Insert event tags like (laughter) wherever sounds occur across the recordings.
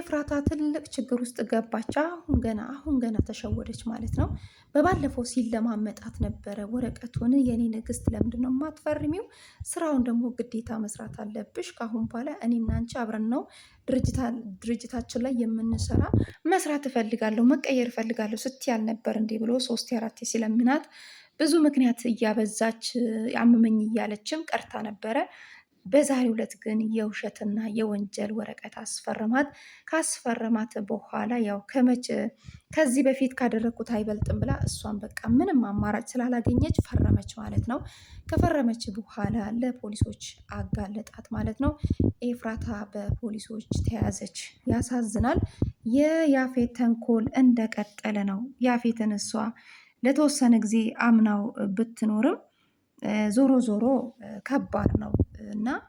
ኤፍራታ ትልቅ ችግር ውስጥ ገባች። አሁን ገና አሁን ገና ተሸወደች ማለት ነው። በባለፈው ሲለማመጣት ነበረ ወረቀቱን የኔ ንግስት፣ ለምንድን ነው የማትፈርሚው? ስራውን ደግሞ ግዴታ መስራት አለብሽ። ከአሁን በኋላ እኔና አንቺ አብረን ነው ድርጅታችን ላይ የምንሰራ። መስራት እፈልጋለሁ፣ መቀየር እፈልጋለሁ ስትያል ነበር እንዲህ ብሎ ሶስት አራቴ ሲለምናት ብዙ ምክንያት እያበዛች አመመኝ እያለችም ቀርታ ነበረ። በዛሬው ዕለት ግን የውሸትና የወንጀል ወረቀት አስፈርማት። ካስፈርማት በኋላ ያው ከመቼ ከዚህ በፊት ካደረግኩት አይበልጥም ብላ እሷን በቃ ምንም አማራጭ ስላላገኘች ፈረመች ማለት ነው። ከፈረመች በኋላ ለፖሊሶች አጋለጣት ማለት ነው። ኤፍራታ በፖሊሶች ተያዘች። ያሳዝናል። የያፌት ተንኮል እንደቀጠለ ነው። ያፌትን እሷ ለተወሰነ ጊዜ አምናው ብትኖርም ዞሮ ዞሮ ከባድ ነው። እና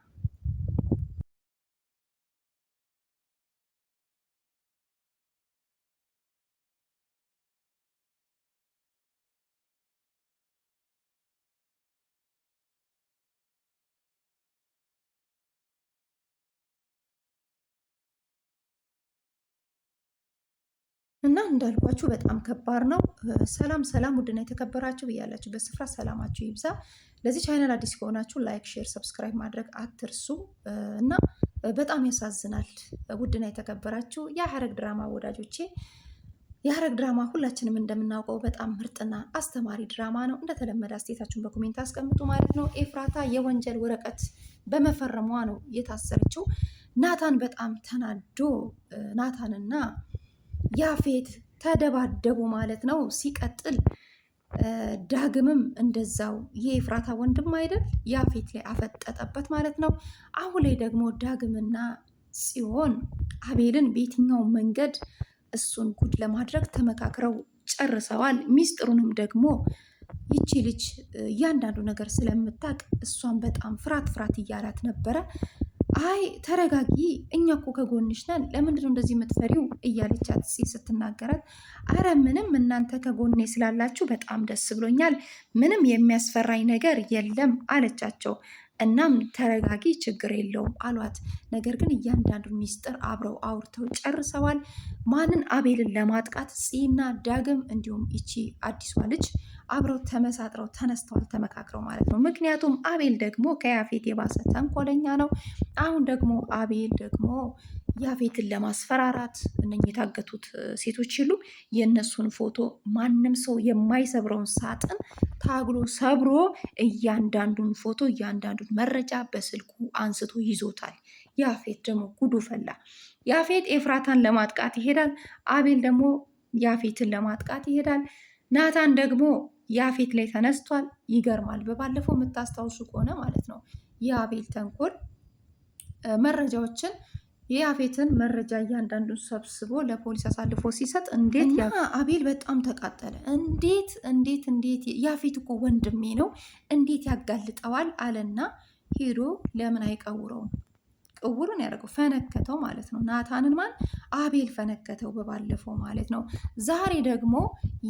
እና እንዳልኳችሁ በጣም ከባድ ነው። ሰላም ሰላም፣ ውድና የተከበራችሁ ብያላችሁ በስፍራ ሰላማችሁ ይብዛ። ለዚህ ቻይናል አዲስ ከሆናችሁ ላይክ፣ ሼር፣ ሰብስክራይብ ማድረግ አትርሱ እና በጣም ያሳዝናል። ውድና የተከበራችሁ የሀረግ ድራማ ወዳጆቼ የሀረግ ድራማ ሁላችንም እንደምናውቀው በጣም ምርጥና አስተማሪ ድራማ ነው። እንደተለመደ አስተያየታችሁን በኮሜንት አስቀምጡ ማለት ነው። ኤፍራታ የወንጀል ወረቀት በመፈረሟ ነው የታሰረችው። ናታን በጣም ተናዶ ናታንና ያፌት ተደባደቡ ማለት ነው። ሲቀጥል ዳግምም እንደዛው የኤፍራታ ወንድም አይደል ያፌት ላይ አፈጠጠበት ማለት ነው። አሁን ላይ ደግሞ ዳግምና ጽዮን አቤልን በየትኛው መንገድ እሱን ጉድ ለማድረግ ተመካክረው ጨርሰዋል። ሚስጥሩንም ደግሞ ይቺ ልጅ እያንዳንዱ ነገር ስለምታውቅ እሷን በጣም ፍራት ፍራት እያላት ነበረ። አይ ተረጋጊ፣ እኛ እኮ ከጎንሽ ነን፣ ለምንድነው እንደዚህ የምትፈሪው? እያለቻት ስትናገራት፣ አረ ምንም እናንተ ከጎኔ ስላላችሁ በጣም ደስ ብሎኛል፣ ምንም የሚያስፈራኝ ነገር የለም አለቻቸው። እናም ተረጋጊ፣ ችግር የለውም አሏት። ነገር ግን እያንዳንዱ ሚስጥር አብረው አውርተው ጨርሰዋል። ማንን? አቤልን ለማጥቃት ፂና ዳግም እንዲሁም ይቺ አዲሷ ልጅ አብረው ተመሳጥረው ተነስተዋል፣ ተመካክረው ማለት ነው። ምክንያቱም አቤል ደግሞ ከያፌት የባሰ ተንኮለኛ ነው። አሁን ደግሞ አቤል ደግሞ ያፌትን ለማስፈራራት እነኝህ የታገቱት ሴቶች ይሉ የእነሱን ፎቶ ማንም ሰው የማይሰብረውን ሳጥን ታግሎ ሰብሮ እያንዳንዱን ፎቶ እያንዳንዱን መረጃ በስልኩ አንስቶ ይዞታል። ያፌት ደግሞ ጉዱ ፈላ። ያፌት ኤፍራታን ለማጥቃት ይሄዳል። አቤል ደግሞ ያፌትን ለማጥቃት ይሄዳል። ናታን ደግሞ ያፌት ላይ ተነስቷል። ይገርማል። በባለፈው የምታስታውሱ ከሆነ ማለት ነው የአቤል ተንኮል መረጃዎችን የአፌትን መረጃ እያንዳንዱን ሰብስቦ ለፖሊስ አሳልፎ ሲሰጥ እንዴት አቤል በጣም ተቃጠለ። እንዴት እንዴት እንዴት የአፌት እኮ ወንድሜ ነው እንዴት ያጋልጠዋል አለና ሄዶ ለምን አይቀውረውም? እውሩን ያደረገው ፈነከተው ማለት ነው። ናታንን ማን አቤል ፈነከተው በባለፈው ማለት ነው። ዛሬ ደግሞ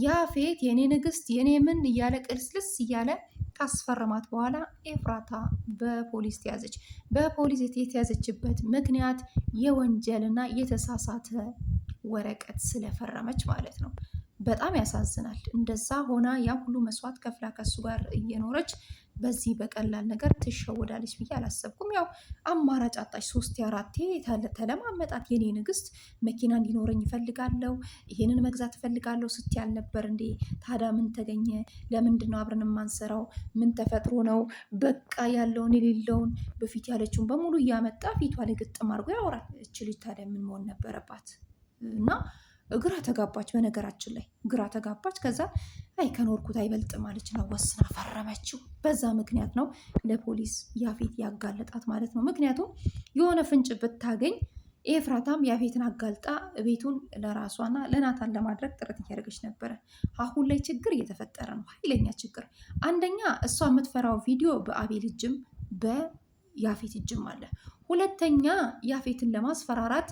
ያፌት የኔ ንግስት የኔ ምን እያለ ቅልስልስ እያለ ካስፈረማት በኋላ ኤፍራታ በፖሊስ ተያዘች። በፖሊስ የተያዘችበት ምክንያት የወንጀልና የተሳሳተ ወረቀት ስለፈረመች ማለት ነው። በጣም ያሳዝናል። እንደዛ ሆና ያ ሁሉ መስዋዕት ከፍላ ከሱ ጋር እየኖረች በዚህ በቀላል ነገር ትሸወዳለች ብዬ አላሰብኩም። ያው አማራጭ አጣች። ሶስት አራቴ ተለማመጣት። የኔ ንግስት መኪና እንዲኖረኝ እፈልጋለሁ፣ ይሄንን መግዛት እፈልጋለሁ ስት ያልነበር እንዴ? ታዲያ ምን ተገኘ? ለምንድን ነው አብረን የማንሰራው? ምን ተፈጥሮ ነው? በቃ ያለውን የሌለውን በፊት ያለችውን በሙሉ እያመጣ ፊቷ ላይ ግጥም አድርጎ ያወራል። እች ልጅ ታዲያ ምን መሆን ነበረባት እና ግራ ተጋባች። በነገራችን ላይ ግራ ተጋባች። ከዛ አይ ከኖርኩት አይበልጥም ነው ወስና ፈረመችው። በዛ ምክንያት ነው ለፖሊስ ያፌት ያጋለጣት ማለት ነው። ምክንያቱም የሆነ ፍንጭ ብታገኝ ኤፍራታም ያፌትን አጋልጣ ቤቱን ለራሷና ለናታን ለማድረግ ጥረት እያደረገች ነበረ። አሁን ላይ ችግር እየተፈጠረ ነው፣ ኃይለኛ ችግር። አንደኛ እሷ የምትፈራው ቪዲዮ በአቤል እጅም በያፌት እጅም አለ። ሁለተኛ ያፌትን ለማስፈራራት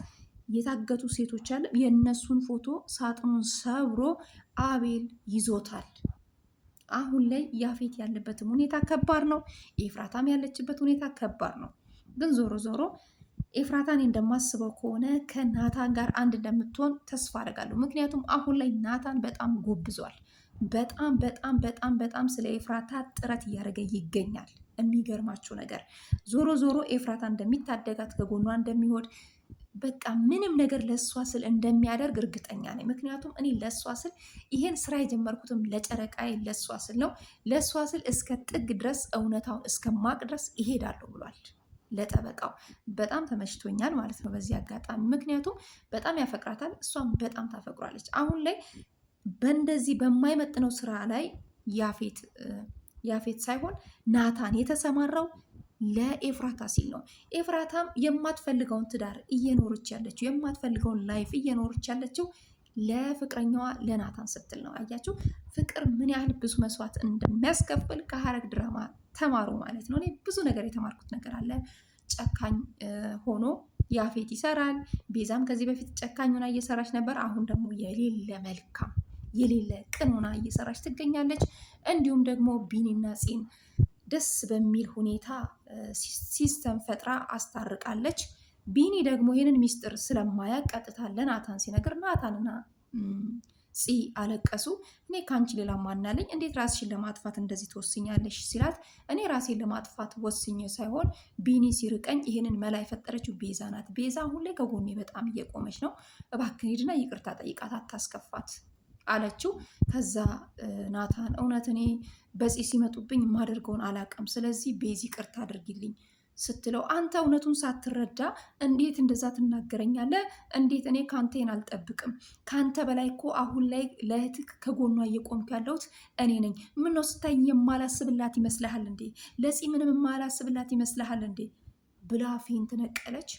የታገቱ ሴቶች አለ የእነሱን ፎቶ ሳጥኑን ሰብሮ አቤል ይዞታል። አሁን ላይ ያፌት ያለበትም ሁኔታ ከባድ ነው። ኤፍራታም ያለችበት ሁኔታ ከባድ ነው። ግን ዞሮ ዞሮ ኤፍራታን እንደማስበው ከሆነ ከናታን ጋር አንድ እንደምትሆን ተስፋ አደርጋለሁ። ምክንያቱም አሁን ላይ ናታን በጣም ጎብዟል። በጣም በጣም በጣም በጣም ስለ ኤፍራታ ጥረት እያደረገ ይገኛል። የሚገርማችሁ ነገር ዞሮ ዞሮ ኤፍራታ እንደሚታደጋት ከጎኗ እንደሚሆን በቃ ምንም ነገር ለእሷ ስል እንደሚያደርግ እርግጠኛ ነኝ። ምክንያቱም እኔ ለእሷ ስል ይሄን ስራ የጀመርኩትም ለጨረቃዬ ለእሷ ስል ነው። ለእሷ ስል እስከ ጥግ ድረስ እውነታውን እስከ ማቅ ድረስ ይሄዳሉ ብሏል ለጠበቃው። በጣም ተመችቶኛል ማለት ነው በዚህ አጋጣሚ። ምክንያቱም በጣም ያፈቅራታል፣ እሷም በጣም ታፈቅሯለች። አሁን ላይ በእንደዚህ በማይመጥነው ስራ ላይ ያፌት ያፌት ሳይሆን ናታን የተሰማራው ለኤፍራታ ሲል ነው። ኤፍራታም የማትፈልገውን ትዳር እየኖረች ያለችው የማትፈልገውን ላይፍ እየኖረች ያለችው ለፍቅረኛዋ ለናታን ስትል ነው። አያችሁ ፍቅር ምን ያህል ብዙ መስዋዕት እንደሚያስከፍል ከሀረግ ድራማ ተማሩ ማለት ነው። እኔ ብዙ ነገር የተማርኩት ነገር አለ። ጨካኝ ሆኖ ያፌት ይሰራል። ቤዛም ከዚህ በፊት ጨካኝ ሆና እየሰራች ነበር። አሁን ደግሞ የሌለ መልካም የሌለ ቅን ሆና እየሰራች ትገኛለች። እንዲሁም ደግሞ ቢኒና ፂን ደስ በሚል ሁኔታ ሲስተም ፈጥራ አስታርቃለች። ቢኒ ደግሞ ይህንን ሚስጥር ስለማያቅ ቀጥታ ለናታን ሲነግር ናታንና ፂ አለቀሱ። እኔ ከአንቺ ሌላ ማናለኝ? እንዴት ራስሽን ለማጥፋት እንደዚህ ትወስኛለሽ? ሲላት እኔ ራሴን ለማጥፋት ወስኜ ሳይሆን ቢኒ ሲርቀኝ ይህንን መላ የፈጠረችው ቤዛ ናት። ቤዛ ሁሌ ከጎኔ በጣም እየቆመች ነው። እባክን ሂድና ይቅርታ ጠይቃት፣ አታስከፋት አለችው። ከዛ ናታን እውነት እኔ በፂ ሲመጡብኝ የማደርገውን አላውቅም፣ ስለዚህ ቤዚ ቅርታ አድርጊልኝ ስትለው አንተ እውነቱን ሳትረዳ እንዴት እንደዛ ትናገረኛለህ? እንዴት እኔ ካንተን አልጠብቅም። ከአንተ በላይ እኮ አሁን ላይ ለእህትህ ከጎኗ እየቆምኩ ያለሁት እኔ ነኝ። ነው ስታይ የማላስብላት ይመስልሃል እንዴ? ለፂ ምንም የማላስብላት ይመስልሃል እንዴ? ብላ ፌን ትነቀለች።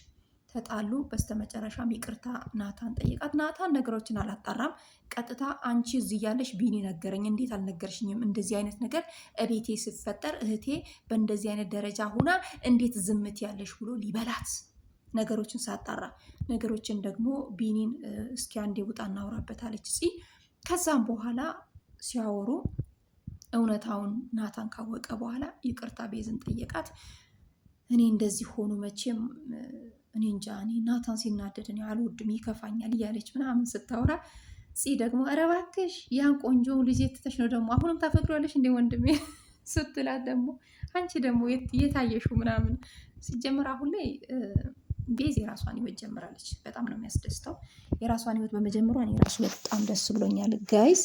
ተጣሉ። በስተመጨረሻም ይቅርታ ናታን ጠይቃት። ናታን ነገሮችን አላጣራም። ቀጥታ አንቺ እዚህ እያለሽ ቢኒ ነገረኝ። እንዴት አልነገርሽኝም? እንደዚህ አይነት ነገር እቤቴ ስፈጠር እህቴ በእንደዚህ አይነት ደረጃ ሁና እንዴት ዝምት ያለሽ ብሎ ሊበላት ነገሮችን ሳጣራ ነገሮችን ደግሞ ቢኒን እስኪ አንዴ ውጣ እናውራበት አለች ፂ ከዛም በኋላ ሲያወሩ እውነታውን ናታን ካወቀ በኋላ ይቅርታ ቤዝን ጠየቃት። እኔ እንደዚህ ሆኑ መቼም እኔ እንጃ እኔ ናታን ሲናደድን እኔ አልወድም ይከፋኛል እያለች ምናምን ስታወራ ፂ ደግሞ ኧረ እባክሽ ያን ቆንጆ ልጅ የትተሽ ነው ደግሞ አሁንም ታፈቅሪዋለሽ እንደ ወንድሜ (laughs) ስትላት ደግሞ አንቺ ደግሞ የታየሹ ምናምን ሲጀምር አሁን ላይ ቤዝ የራሷን ህይወት ጀምራለች። በጣም ነው የሚያስደስተው የራሷን ህይወት በመጀመሯ እኔ ራሱ በጣም ደስ ብሎኛል ጋይስ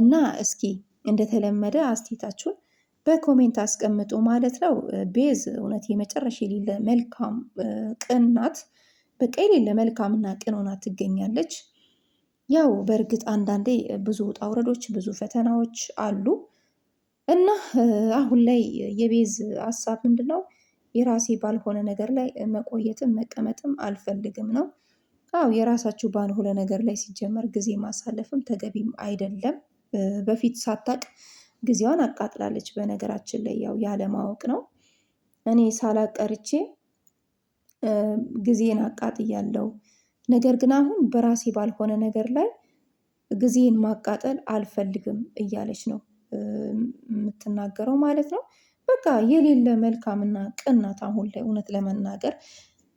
እና እስኪ እንደተለመደ አስቴታችሁን በኮሜንት አስቀምጡ ማለት ነው። ቤዝ እውነት የመጨረሻ የሌለ መልካም ቅናት፣ በቃ የሌለ መልካምና ቅን ሆና ትገኛለች። ያው በእርግጥ አንዳንዴ ብዙ ውጣ ውረዶች፣ ብዙ ፈተናዎች አሉ እና አሁን ላይ የቤዝ ሀሳብ ምንድን ነው? የራሴ ባልሆነ ነገር ላይ መቆየትም መቀመጥም አልፈልግም ነው። አዎ የራሳችሁ ባልሆነ ነገር ላይ ሲጀመር ጊዜ ማሳለፍም ተገቢም አይደለም። በፊት ሳታቅ ጊዜዋን አቃጥላለች። በነገራችን ላይ ያው ያለማወቅ ነው። እኔ ሳላቀርቼ ጊዜን አቃጥያለሁ። ነገር ግን አሁን በራሴ ባልሆነ ነገር ላይ ጊዜን ማቃጠል አልፈልግም እያለች ነው የምትናገረው ማለት ነው። በቃ የሌለ መልካምና ቅናት አሁን ላይ እውነት ለመናገር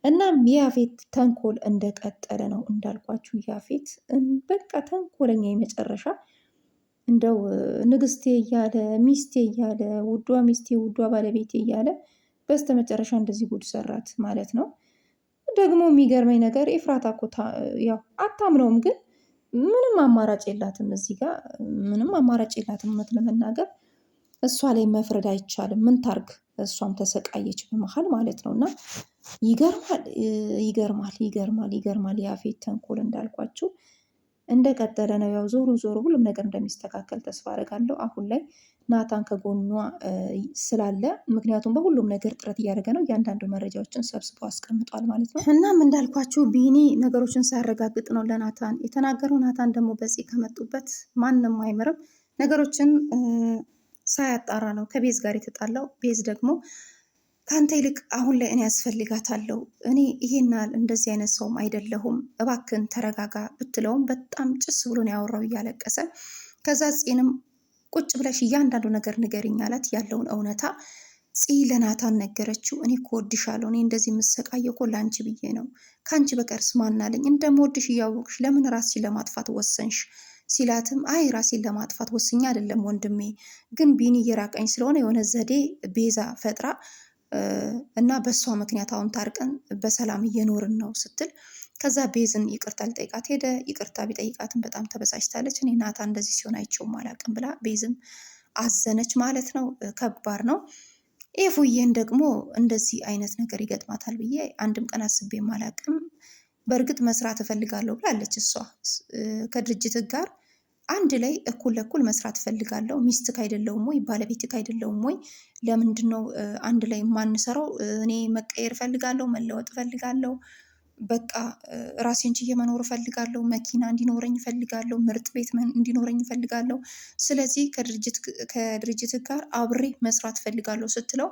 እናም ያፌት ተንኮል እንደቀጠለ ነው። እንዳልኳችሁ ያፌት በቃ ተንኮለኛ የመጨረሻ እንደው ንግስቴ እያለ ሚስቴ እያለ ውዷ ሚስቴ ውዷ ባለቤቴ እያለ በስተመጨረሻ እንደዚህ ጉድ ሰራት ማለት ነው። ደግሞ የሚገርመኝ ነገር ኤፍራታ እኮ ያው አታምነውም፣ ግን ምንም አማራጭ የላትም። እዚህ ጋር ምንም አማራጭ የላትም። እውነት ለመናገር እሷ ላይ መፍረድ አይቻልም። ምን ታርግ? እሷም ተሰቃየች በመሀል ማለት ነው። እና ይገርማል፣ ይገርማል፣ ይገርማል፣ ይገርማል። ያፌት ተንኮል እንዳልኳቸው። እንደቀጠለ ነው። ያው ዞሮ ዞሮ ሁሉም ነገር እንደሚስተካከል ተስፋ አደርጋለሁ። አሁን ላይ ናታን ከጎኗ ስላለ ምክንያቱም በሁሉም ነገር ጥረት እያደረገ ነው። እያንዳንዱ መረጃዎችን ሰብስቦ አስቀምጧል ማለት ነው። እናም እንዳልኳችሁ ቢኒ ነገሮችን ሳያረጋግጥ ነው ለናታን የተናገረው። ናታን ደግሞ በዚህ ከመጡበት ማንም አይምርም ነገሮችን ሳያጣራ ነው ከቤዝ ጋር የተጣላው። ቤዝ ደግሞ ከአንተ ይልቅ አሁን ላይ እኔ ያስፈልጋታለሁ። እኔ ይሄናል እንደዚህ አይነት ሰውም አይደለሁም፣ እባክን ተረጋጋ ብትለውም በጣም ጭስ ብሎን ያወራው እያለቀሰ ከዛ ጽንም ቁጭ ብለሽ እያንዳንዱ ነገር ንገሪኝ አላት። ያለውን እውነታ ጽ ለናታን ነገረችው። እኔ እኮ ወድሻለሁ። እኔ እንደዚህ የምሰቃየው እኮ ለአንቺ ብዬ ነው። ከአንቺ በቀርስ ማናለኝ? እንደምወድሽ እያወቅሽ ለምን ራስሽን ለማጥፋት ወሰንሽ? ሲላትም አይ ራሴን ለማጥፋት ወስኛ አይደለም ወንድሜ፣ ግን ቢኒ እየራቀኝ ስለሆነ የሆነ ዘዴ ቤዛ ፈጥራ እና በእሷ ምክንያት አሁን ታርቀን በሰላም እየኖርን ነው ስትል ከዛ ቤዝን ይቅርታ ሊጠይቃት ሄደ። ይቅርታ ቢጠይቃትን በጣም ተበሳጭታለች። እኔ ናታ እንደዚህ ሲሆን አይቼውም አላውቅም ብላ ቤዝም አዘነች ማለት ነው። ከባድ ነው። ኤፉዬን ደግሞ እንደዚህ አይነት ነገር ይገጥማታል ብዬ አንድም ቀን አስቤም አላውቅም። በእርግጥ መስራት እፈልጋለሁ ብላለች እሷ ከድርጅት ጋር አንድ ላይ እኩል ለእኩል መስራት ፈልጋለሁ። ሚስት አይደለሁም ወይ ባለቤት አይደለሁም ወይ? ለምንድን ነው አንድ ላይ የማንሰራው? እኔ መቀየር ፈልጋለሁ መለወጥ ፈልጋለሁ በቃ ራሴን ችዬ መኖር እፈልጋለሁ። መኪና እንዲኖረኝ ፈልጋለሁ ምርጥ ቤት እንዲኖረኝ እፈልጋለሁ። ስለዚህ ከድርጅት ጋር አብሬ መስራት ፈልጋለሁ ስትለው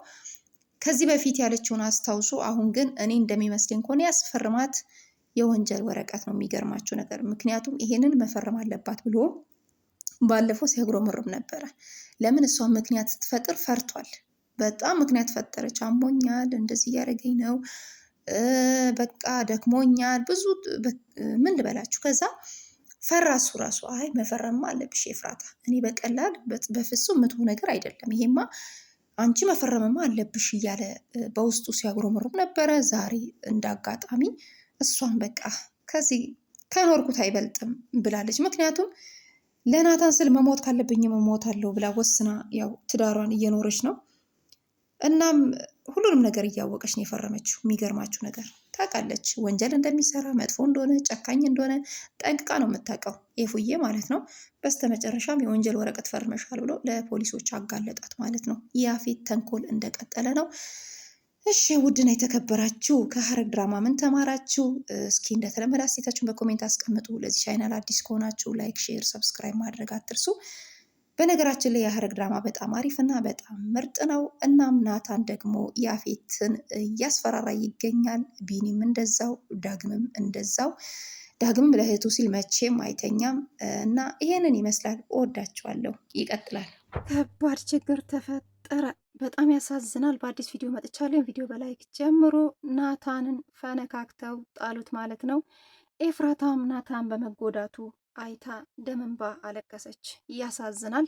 ከዚህ በፊት ያለችውን አስታውሶ አሁን ግን እኔ እንደሚመስለኝ ከሆነ ያስፈርማት የወንጀል ወረቀት ነው። የሚገርማችሁ ነገር ምክንያቱም ይሄንን መፈረም አለባት ብሎ ባለፈው ሲያጉረመርም ነበረ። ለምን እሷ ምክንያት ስትፈጥር ፈርቷል። በጣም ምክንያት ፈጠረች። አሞኛል፣ እንደዚህ እያደረገኝ ነው፣ በቃ ደክሞኛል፣ ብዙ ምን ልበላችሁ። ከዛ ፈራ። እሱ ራሱ አይ መፈረም አለብሽ ኤፍራታ፣ እኔ በቀላል በፍጹም ምትሆ ነገር አይደለም ይሄማ አንቺ መፈረምማ አለብሽ እያለ በውስጡ ሲያጉረመርም ነበረ። ዛሬ እንዳጋጣሚ እሷን በቃ ከዚህ ከኖርኩት አይበልጥም ብላለች። ምክንያቱም ለናታን ስል መሞት ካለብኝ መሞት አለው ብላ ወስና ያው ትዳሯን እየኖረች ነው። እናም ሁሉንም ነገር እያወቀች ነው የፈረመችው። የሚገርማችሁ ነገር ታውቃለች፣ ወንጀል እንደሚሰራ መጥፎ እንደሆነ ጨካኝ እንደሆነ ጠንቅቃ ነው የምታውቀው ኤፉዬ ማለት ነው። በስተመጨረሻም የወንጀል ወረቀት ፈርመሻል ብሎ ለፖሊሶች አጋለጣት ማለት ነው። ያፌት ተንኮል እንደቀጠለ ነው። እሺ ውድና የተከበራችሁ ከሐረግ ድራማ ምን ተማራችሁ? እስኪ እንደተለመደ አስተያየታችሁን በኮሜንት አስቀምጡ። ለዚህ ቻይናል አዲስ ከሆናችሁ ላይክ፣ ሼር፣ ሰብስክራይብ ማድረግ አትርሱ። በነገራችን ላይ የሐረግ ድራማ በጣም አሪፍና በጣም ምርጥ ነው። እናም ናታን ደግሞ ያፌትን እያስፈራራ ይገኛል። ቢኒም እንደዛው፣ ዳግምም እንደዛው። ዳግምም ለእህቱ ሲል መቼም አይተኛም እና ይሄንን ይመስላል። እወዳችኋለሁ። ይቀጥላል። ከባድ ችግር ተፈጠረ። በጣም ያሳዝናል። በአዲስ ቪዲዮ መጥቻለሁ። ቪዲዮ በላይክ ጀምሮ ናታንን ፈነካክተው ጣሉት ማለት ነው። ኤፍራታም ናታን በመጎዳቱ አይታ ደምንባ አለቀሰች። ያሳዝናል።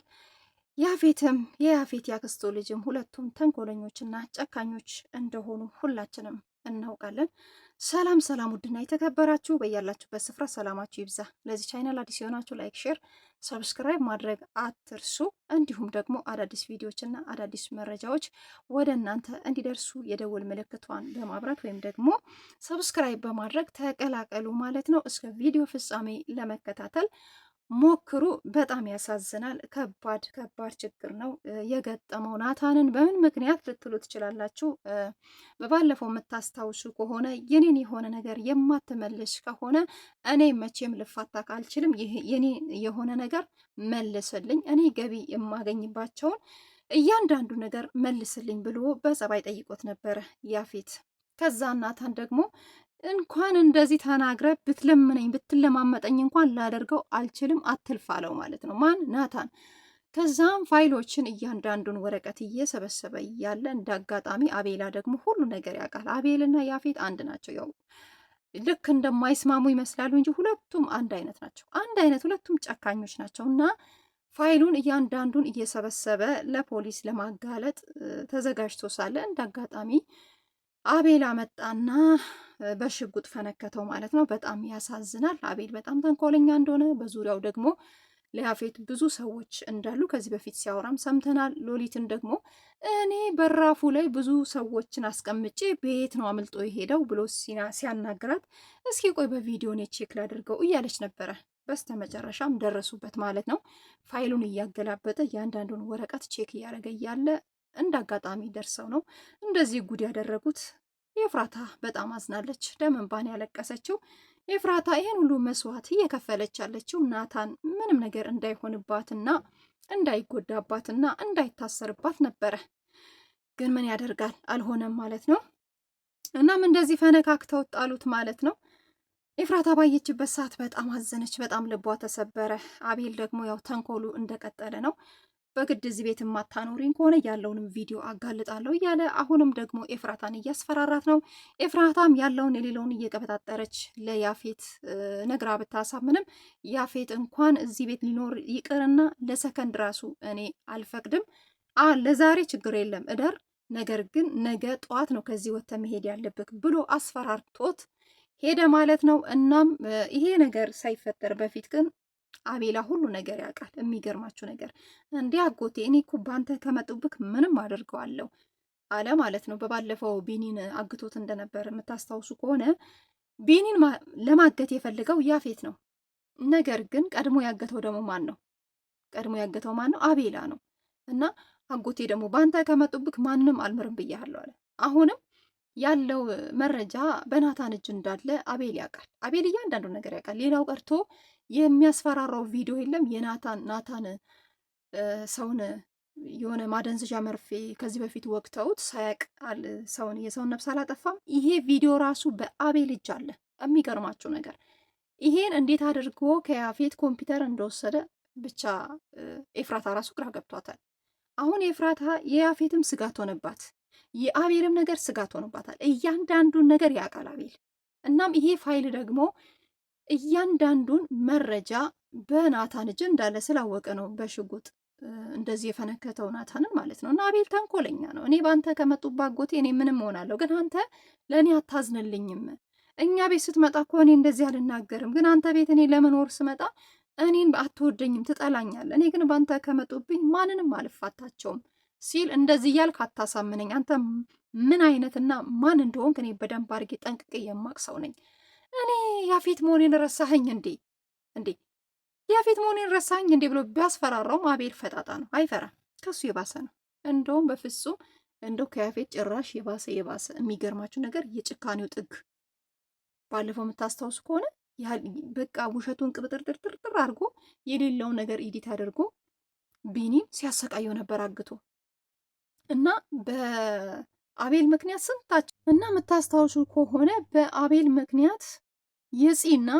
ያፌትም የያፌት ያክስቶ ልጅም ሁለቱም ተንኮለኞችና ጨካኞች እንደሆኑ ሁላችንም እናውቃለን። ሰላም ሰላም፣ ውድና የተከበራችሁ በያላችሁበት ስፍራ ሰላማችሁ ይብዛ። ለዚህ ቻይናል አዲስ የሆናችሁ ላይክ፣ ሼር፣ ሰብስክራይብ ማድረግ አትርሱ። እንዲሁም ደግሞ አዳዲስ ቪዲዮዎችና አዳዲስ መረጃዎች ወደ እናንተ እንዲደርሱ የደውል ምልክቷን በማብራት ወይም ደግሞ ሰብስክራይብ በማድረግ ተቀላቀሉ ማለት ነው። እስከ ቪዲዮ ፍጻሜ ለመከታተል ሞክሩ። በጣም ያሳዝናል። ከባድ ከባድ ችግር ነው የገጠመው ናታንን። በምን ምክንያት ልትሉ ትችላላችሁ። በባለፈው የምታስታውሱ ከሆነ የኔን የሆነ ነገር የማትመልሽ ከሆነ እኔ መቼም ልፋታ አልችልም። የኔ የሆነ ነገር መልስልኝ፣ እኔ ገቢ የማገኝባቸውን እያንዳንዱ ነገር መልስልኝ ብሎ በጸባይ ጠይቆት ነበረ ያፌት። ከዛ ናታን ደግሞ እንኳን እንደዚህ ተናግረ ብትለምነኝ ብትለማመጠኝ እንኳን ላደርገው አልችልም አትልፋለው ማለት ነው። ማን ናታን። ከዛም ፋይሎችን እያንዳንዱን ወረቀት እየሰበሰበ እያለ እንደ አጋጣሚ አቤላ ደግሞ ሁሉ ነገር ያውቃል። አቤልና ያፌት አንድ ናቸው። ያው ልክ እንደማይስማሙ ይመስላሉ እንጂ ሁለቱም አንድ አይነት ናቸው። አንድ አይነት ሁለቱም ጨካኞች ናቸው እና ፋይሉን እያንዳንዱን እየሰበሰበ ለፖሊስ ለማጋለጥ ተዘጋጅቶ ሳለ እንደ አጋጣሚ አቤል አመጣና በሽጉጥ ፈነከተው ማለት ነው። በጣም ያሳዝናል። አቤል በጣም ተንኮለኛ እንደሆነ በዙሪያው ደግሞ ለያፌት ብዙ ሰዎች እንዳሉ ከዚህ በፊት ሲያወራም ሰምተናል። ሎሊትን ደግሞ እኔ በራፉ ላይ ብዙ ሰዎችን አስቀምጬ ቤት ነው አምልጦ የሄደው ብሎ ሲያናግራት፣ እስኪ ቆይ በቪዲዮ እኔ ቼክ ላድርገው እያለች ነበረ። በስተ መጨረሻም ደረሱበት ማለት ነው። ፋይሉን እያገላበጠ እያንዳንዱን ወረቀት ቼክ እያደረገ እያለ እንደ አጋጣሚ ደርሰው ነው እንደዚህ ጉድ ያደረጉት። ኤፍራታ በጣም አዝናለች፣ ደም እንባን ያለቀሰችው ኤፍራታ ይህን ሁሉ መስዋዕት እየከፈለች ያለችው ናታን ምንም ነገር እንዳይሆንባትና እንዳይጎዳባትና እንዳይታሰርባት ነበረ። ግን ምን ያደርጋል አልሆነም ማለት ነው። እናም እንደዚህ ፈነካክተው ጣሉት ማለት ነው። ኤፍራታ ባየችበት ሰዓት በጣም አዘነች፣ በጣም ልቧ ተሰበረ። አቤል ደግሞ ያው ተንኮሉ እንደቀጠለ ነው። በግድ እዚህ ቤት የማታኖሪኝ ከሆነ ያለውንም ቪዲዮ አጋልጣለሁ እያለ አሁንም ደግሞ ኤፍራታን እያስፈራራት ነው። ኤፍራታም ያለውን የሌለውን እየቀበጣጠረች ለያፌት ነግራ ብታሳምንም ያፌት እንኳን እዚህ ቤት ሊኖር ይቅርና ለሰከንድ ራሱ እኔ አልፈቅድም፣ ለዛሬ ችግር የለም እደር፣ ነገር ግን ነገ ጠዋት ነው ከዚህ ወጥተህ መሄድ ያለብክ ብሎ አስፈራርቶት ሄደ ማለት ነው። እናም ይሄ ነገር ሳይፈጠር በፊት ግን አቤላ ሁሉ ነገር ያውቃል። የሚገርማችሁ ነገር እንዲህ አጎቴ፣ እኔ እኮ በአንተ ከመጡብክ ምንም አደርገዋለሁ አለ ማለት ነው። በባለፈው ቢኒን አግቶት እንደነበር የምታስታውሱ ከሆነ ቢኒን ለማገት የፈልገው ያፌት ነው። ነገር ግን ቀድሞ ያገተው ደግሞ ማን ነው? ቀድሞ ያገተው ማን ነው? አቤላ ነው። እና አጎቴ ደግሞ በአንተ ከመጡብክ ማንም አልምርም ብያለሁ አለ። አሁንም ያለው መረጃ በናታን እጅ እንዳለ አቤል ያውቃል። አቤል እያንዳንዱ ነገር ያውቃል። ሌላው ቀርቶ የሚያስፈራራው ቪዲዮ የለም። የናታን ናታን ሰውን የሆነ ማደንዘዣ መርፌ ከዚህ በፊት ወቅተውት ሳያቅ ሰውን የሰውን ነፍስ አላጠፋም። ይሄ ቪዲዮ ራሱ በአቤል እጅ አለ። የሚገርማችሁ ነገር ይሄን እንዴት አድርጎ ከያፌት ኮምፒውተር እንደወሰደ ብቻ ኤፍራታ ራሱ ግራ ገብቷታል። አሁን ኤፍራታ የያፌትም ስጋት ሆነባት፣ የአቤልም ነገር ስጋት ሆነባታል። እያንዳንዱን ነገር ያውቃል አቤል። እናም ይሄ ፋይል ደግሞ እያንዳንዱን መረጃ በናታን እጅ እንዳለ ስላወቀ ነው በሽጉጥ እንደዚህ የፈነከተው ናታንን ማለት ነው። እና አቤል ተንኮለኛ ነው። እኔ በአንተ ከመጡባ ጎቴ እኔ ምንም ሆናለሁ፣ ግን አንተ ለእኔ አታዝንልኝም። እኛ ቤት ስትመጣ እኮ እኔ እንደዚህ አልናገርም፣ ግን አንተ ቤት እኔ ለመኖር ስመጣ እኔን አትወደኝም፣ ትጠላኛል። እኔ ግን በአንተ ከመጡብኝ ማንንም አልፋታቸውም ሲል እንደዚህ እያልክ አታሳምነኝ። አንተ ምን አይነትና ማን እንደሆንክ እኔ በደንብ አድርጌ ጠንቅቄ የማቅ ሰው ነኝ። እኔ ያፌት መሆኔን ረሳኸኝ እንዴ እንዴ ያፌት መሆኔን ረሳኸኝ እንዴ ብሎ ቢያስፈራራውም አቤል ፈጣጣ ነው፣ አይፈራም። ከሱ የባሰ ነው። እንደውም በፍጹም እንደው ከያፌት ጭራሽ የባሰ የባሰ። የሚገርማችሁ ነገር የጭካኔው ጥግ ባለፈው የምታስታውሱ ከሆነ በቃ ውሸቱን ቅብጥርጥርጥርጥር አድርጎ የሌለውን ነገር ኢዲት አድርጎ ቢኒም ሲያሰቃየው ነበር አግቶ እና በአቤል ምክንያት ስንታቸው እና የምታስታውሱ ከሆነ በአቤል ምክንያት የፂና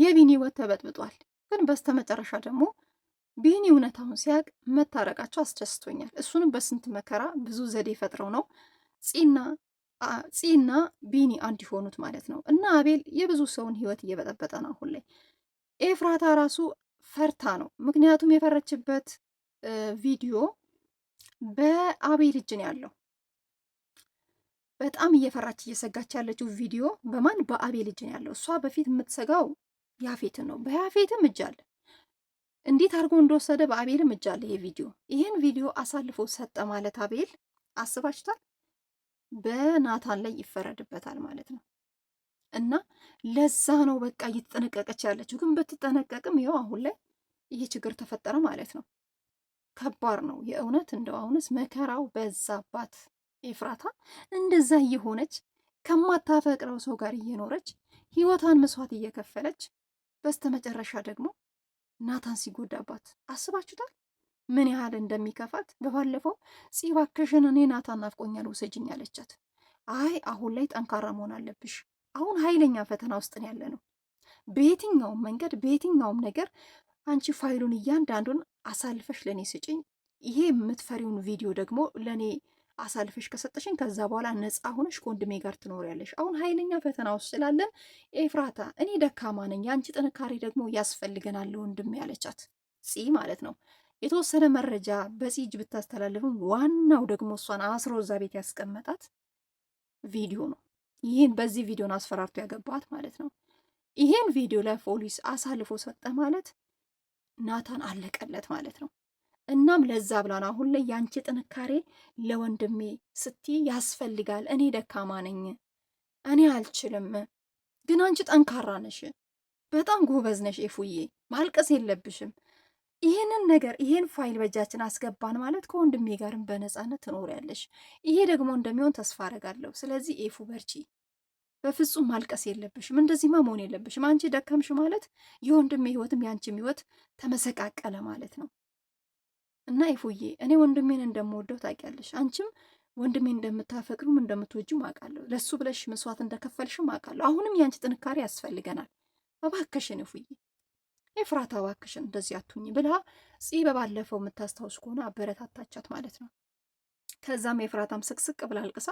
የቢኒ ህይወት ተበጥብጧል። ግን በስተመጨረሻ ደግሞ ቢኒ እውነታውን ሲያውቅ መታረቃቸው አስደስቶኛል። እሱንም በስንት መከራ ብዙ ዘዴ ፈጥረው ነው ፂና ፂና ቢኒ አንድ የሆኑት ማለት ነው። እና አቤል የብዙ ሰውን ህይወት እየበጠበጠ ነው አሁን ላይ። ኤፍራታ ራሱ ፈርታ ነው። ምክንያቱም የፈረችበት ቪዲዮ በአቤል እጅ ያለው። በጣም እየፈራች እየሰጋች ያለችው ቪዲዮ በማን በአቤል እጅ ነው ያለው። እሷ በፊት የምትሰጋው ያፌትን ነው። በያፌትም እጅ አለ፣ እንዴት አድርጎ እንደወሰደ በአቤልም እጅ አለ። ይሄ ቪዲዮ ይህን ቪዲዮ አሳልፎ ሰጠ ማለት አቤል አስባችታል፣ በናታን ላይ ይፈረድበታል ማለት ነው። እና ለዛ ነው በቃ እየተጠነቀቀች ያለችው። ግን ብትጠነቀቅም ይኸው አሁን ላይ ይሄ ችግር ተፈጠረ ማለት ነው። ከባድ ነው የእውነት። እንደው አሁንስ መከራው በዛባት። ኤፍራታ እንደዛ እየሆነች ከማታፈቅረው ሰው ጋር እየኖረች ህይወቷን መስዋዕት እየከፈለች በስተመጨረሻ ደግሞ ናታን ሲጎዳባት አስባችሁታል? ምን ያህል እንደሚከፋት። በባለፈው እባክሽን እኔ ናታን ናፍቆኛል ውሰጅኝ ያለቻት፣ አይ አሁን ላይ ጠንካራ መሆን አለብሽ፣ አሁን ኃይለኛ ፈተና ውስጥ ያለ ነው። በየትኛውም መንገድ በየትኛውም ነገር አንቺ ፋይሉን እያንዳንዱን አሳልፈሽ ለእኔ ስጭኝ፣ ይሄ የምትፈሪውን ቪዲዮ ደግሞ ለእኔ አሳልፈሽ ከሰጠሽን ከዛ በኋላ ነፃ ሆነሽ ከወንድሜ ጋር ትኖሪያለሽ። አሁን ኃይለኛ ፈተና ውስጥ ስላለን ኤፍራታ እኔ ደካማ ነኝ፣ የአንቺ ጥንካሬ ደግሞ ያስፈልገናል ወንድሜ ያለቻት ፂ ማለት ነው። የተወሰነ መረጃ በፂ እጅ ብታስተላልፍም ዋናው ደግሞ እሷን አስሮ እዛ ቤት ያስቀመጣት ቪዲዮ ነው። ይህን በዚህ ቪዲዮን አስፈራርቶ ያገባት ማለት ነው። ይህን ቪዲዮ ለፖሊስ አሳልፎ ሰጠ ማለት ናታን አለቀለት ማለት ነው። እናም ለዛ ብላን አሁን ላይ ያንቺ ጥንካሬ ለወንድሜ ስቲ ያስፈልጋል። እኔ ደካማ ነኝ፣ እኔ አልችልም። ግን አንቺ ጠንካራ ነሽ፣ በጣም ጎበዝ ነሽ። ኤፉዬ ማልቀስ የለብሽም። ይሄንን ነገር ይሄን ፋይል በእጃችን አስገባን ማለት ከወንድሜ ጋርም በነፃነት ትኖሪያለሽ። ይሄ ደግሞ እንደሚሆን ተስፋ አደርጋለሁ። ስለዚህ ኤፉ በርቺ፣ በፍጹም ማልቀስ የለብሽም። እንደዚህማ መሆን የለብሽም። አንቺ ደከምሽ ማለት የወንድሜ ህይወትም የአንቺም ህይወት ተመሰቃቀለ ማለት ነው። እና ይፉዬ እኔ ወንድሜን እንደምወደው ታውቂያለሽ። አንቺም ወንድሜን እንደምታፈቅሩ እንደምትወጁም አውቃለሁ። ለእሱ ብለሽ መስዋዕት እንደከፈልሽም አውቃለሁ። አሁንም የአንቺ ጥንካሬ ያስፈልገናል። እባክሽን ይፉዬ፣ ኤፍራታ እባክሽን እንደዚህ አትሁኝ ብላ ጽ በባለፈው የምታስታውስ ከሆነ አበረታታቻት ማለት ነው። ከዛም የፍራታም ስቅስቅ ብላ አልቅሳ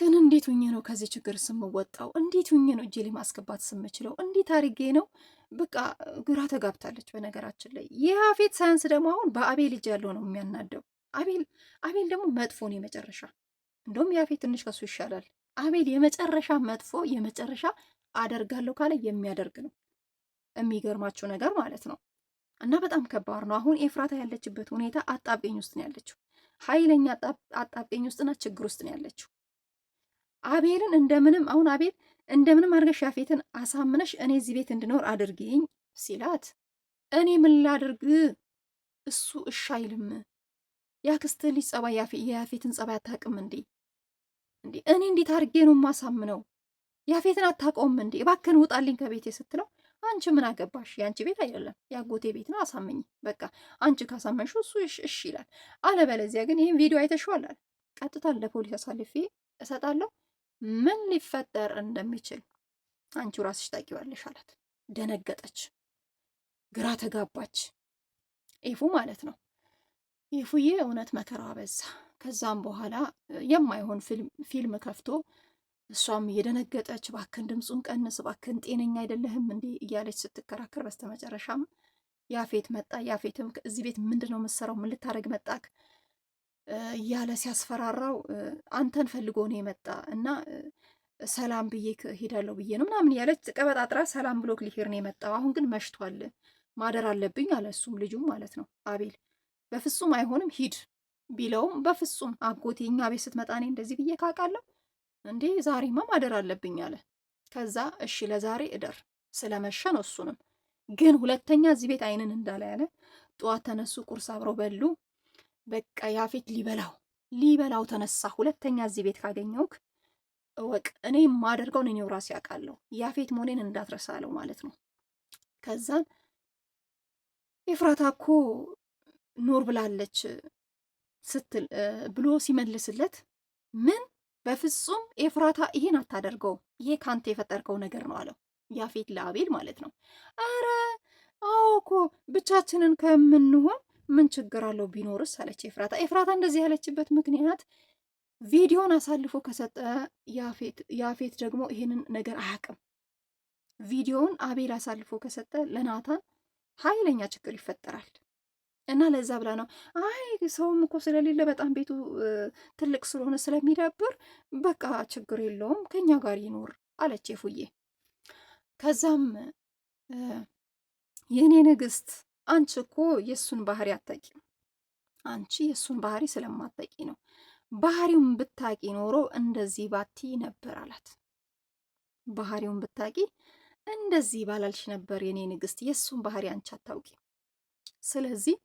ግን እንዴት ሁኜ ነው ከዚህ ችግር ስምወጣው? እንዴት ሁኜ ነው እጄ ማስገባት ስምችለው? እንዴት አድርጌ ነው? በቃ ግራ ተጋብታለች። በነገራችን ላይ የያፌት ሳያንስ ደግሞ አሁን በአቤል እጅ ያለው ነው የሚያናደው። አቤል አቤል ደግሞ መጥፎ ነው የመጨረሻ። እንደውም ያፌት ትንሽ ከሱ ይሻላል። አቤል የመጨረሻ መጥፎ የመጨረሻ አደርጋለሁ ካለ የሚያደርግ ነው። የሚገርማቸው ነገር ማለት ነው። እና በጣም ከባድ ነው። አሁን ኤፍራታ ያለችበት ሁኔታ አጣብቂኝ ውስጥ ነው ያለችው። ኃይለኛ አጣብቀኝ ውስጥና ችግር ውስጥ ነው ያለችው። አቤልን እንደምንም አሁን አቤል እንደምንም አድርገሽ ያፌትን አሳምነሽ እኔ እዚህ ቤት እንድኖር አድርጊኝ ሲላት እኔ ምን ላድርግ እሱ እሺ አይልም። ያክስት ልጅ ጸባይ የያፌትን ጸባይ አታውቅም እንዴ? እንዴ እኔ እንዴት አድርጌ ነው የማሳምነው? ያፌትን አታውቀውም እንዴ? እባክህን ውጣልኝ ከቤቴ ስትለው አንቺ ምን አገባሽ? የአንቺ ቤት አይደለም የአጎቴ ቤት ነው፣ አሳምኝ በቃ። አንቺ ካሳመንሽው እሱ እሺ ይላል። አለበለዚያ ግን ይህን ቪዲዮ አይተሽዋል። ቀጥታ ለፖሊስ አሳልፌ እሰጣለሁ ምን ሊፈጠር እንደሚችል አንቺ ራስሽ ታውቂዋለሽ አላት። ደነገጠች፣ ግራ ተጋባች። ኢፉ ማለት ነው። ኢፉዬ እውነት መከራ በዛ። ከዛም በኋላ የማይሆን ፊልም ከፍቶ እሷም እየደነገጠች ባክን ድምፁን ቀንስ፣ ባክን ጤነኛ አይደለህም እንዲህ እያለች ስትከራከር በስተመጨረሻም ያፌት መጣ። ያፌትም እዚህ ቤት ምንድን ነው የምትሰራው? ምን ልታደርግ መጣክ? እያለ ሲያስፈራራው አንተን ፈልጎ ነው የመጣ እና ሰላም ብዬ ሄዳለሁ ብዬ ነው ምናምን እያለች ቀበጣጥራ ሰላም ብሎ ሊሄድ ነው የመጣው። አሁን ግን መሽቷል፣ ማደር አለብኝ አለ እሱም ልጁ ማለት ነው አቤል። በፍጹም አይሆንም ሂድ ቢለውም በፍጹም አጎቴ እኛ ቤት ስትመጣ እኔ እንደዚህ ብዬ ካቃለሁ እንዴ ዛሬማ ማደር አለብኝ አለ። ከዛ እሺ ለዛሬ እደር ስለመሸ ነው እሱንም ግን ሁለተኛ እዚህ ቤት አይንን እንዳለ ያለ ጠዋት ተነሱ፣ ቁርስ አብረው በሉ። በቃ ያፌት ሊበላው ሊበላው ተነሳ። ሁለተኛ እዚህ ቤት ካገኘውክ እወቅ፣ እኔ የማደርገውን እኔው ራሴ ያውቃለሁ። ያፌት መሆኔን እንዳትረሳ አለው ማለት ነው። ከዛን ኤፍራታ እኮ ኖር ብላለች ስትል ብሎ ሲመልስለት ምን በፍጹም ኤፍራታ ይሄን አታደርገው፣ ይሄ ካንተ የፈጠርከው ነገር ነው አለው ያፌት ለአቤል ማለት ነው። አረ አዎ እኮ ብቻችንን ከምንሆን ምን ችግር አለው ቢኖርስ አለች ኤፍራታ። ኤፍራታ እንደዚህ ያለችበት ምክንያት ቪዲዮን አሳልፎ ከሰጠ ያፌት ያፌት ደግሞ ይሄንን ነገር አያውቅም። ቪዲዮውን አቤል አሳልፎ ከሰጠ ለናታን ኃይለኛ ችግር ይፈጠራል እና ለዛ ብላ ነው አይ ሰውም እኮ ስለሌለ በጣም ቤቱ ትልቅ ስለሆነ ስለሚደብር በቃ ችግር የለውም ከኛ ጋር ይኖር አለች ፉዬ። ከዛም የእኔ ንግስት አንቺ እኮ የእሱን ባህሪ አታቂም። አንቺ የእሱን ባህሪ ስለማታቂ ነው። ባህሪውን ብታቂ ኖሮ እንደዚህ ባቲ ነበር አላት። ባህሪውን ብታቂ እንደዚህ ባላልሽ ነበር የኔ ንግስት። የእሱን ባህሪ አንቺ አታውቂም። ስለዚህ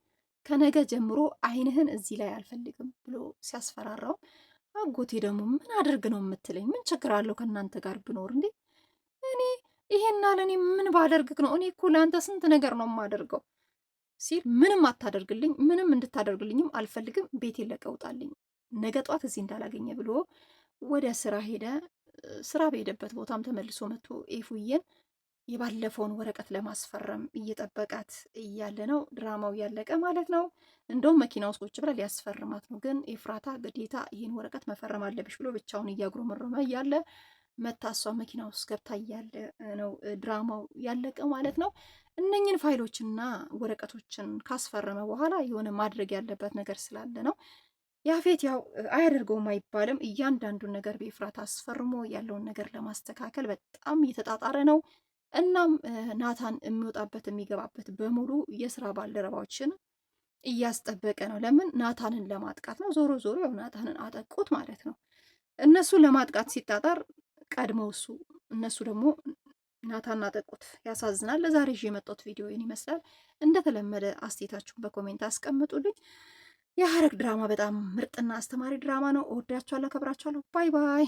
ከነገ ጀምሮ አይንህን እዚህ ላይ አልፈልግም ብሎ ሲያስፈራራው፣ አጎቴ ደግሞ ምን አድርግ ነው የምትለኝ? ምን ችግር አለው ከእናንተ ጋር ብኖር እንዴ? እኔ ይሄና ለእኔ ምን ባደርግ ነው? እኔ እኮ ለአንተ ስንት ነገር ነው የማደርገው ሲል ምንም አታደርግልኝ፣ ምንም እንድታደርግልኝም አልፈልግም፣ ቤት ለቀውጣልኝ ነገ ጧት እዚህ እንዳላገኘ ብሎ ወደ ስራ ሄደ። ስራ በሄደበት ቦታም ተመልሶ መጥቶ ኤፉዬን የባለፈውን ወረቀት ለማስፈረም እየጠበቃት እያለ ነው ድራማው ያለቀ ማለት ነው። እንደውም መኪና ውስጥ ቁጭ ብላ ሊያስፈርማት ነው። ግን ኤፍራታ ግዴታ ይህን ወረቀት መፈረም አለብሽ ብሎ ብቻውን እያጉረመረመ እያለ መታሷ መኪና ውስጥ ገብታ እያለ ነው ድራማው ያለቀ ማለት ነው። እነኝን ፋይሎችና ወረቀቶችን ካስፈረመ በኋላ የሆነ ማድረግ ያለበት ነገር ስላለ ነው። ያፌት ያው አያደርገውም አይባልም። እያንዳንዱን ነገር በኤፍራት አስፈርሞ ያለውን ነገር ለማስተካከል በጣም እየተጣጣረ ነው። እናም ናታን የሚወጣበት የሚገባበት በሙሉ የስራ ባልደረባዎችን እያስጠበቀ ነው። ለምን ናታንን ለማጥቃት ነው። ዞሮ ዞሮ ያው ናታንን አጠቁት ማለት ነው። እነሱን ለማጥቃት ሲጣጣር ቀድመው እሱ እነሱ ደግሞ ናታ እናጠቁት ያሳዝናል። ለዛሬ ይዤ የመጣሁት ቪዲዮ ይህን ይመስላል። እንደተለመደ አስተያየታችሁን በኮሜንት አስቀምጡልኝ። የሐረግ ድራማ በጣም ምርጥና አስተማሪ ድራማ ነው። እወዳችኋለሁ፣ አከብራችኋለሁ። ባይ ባይ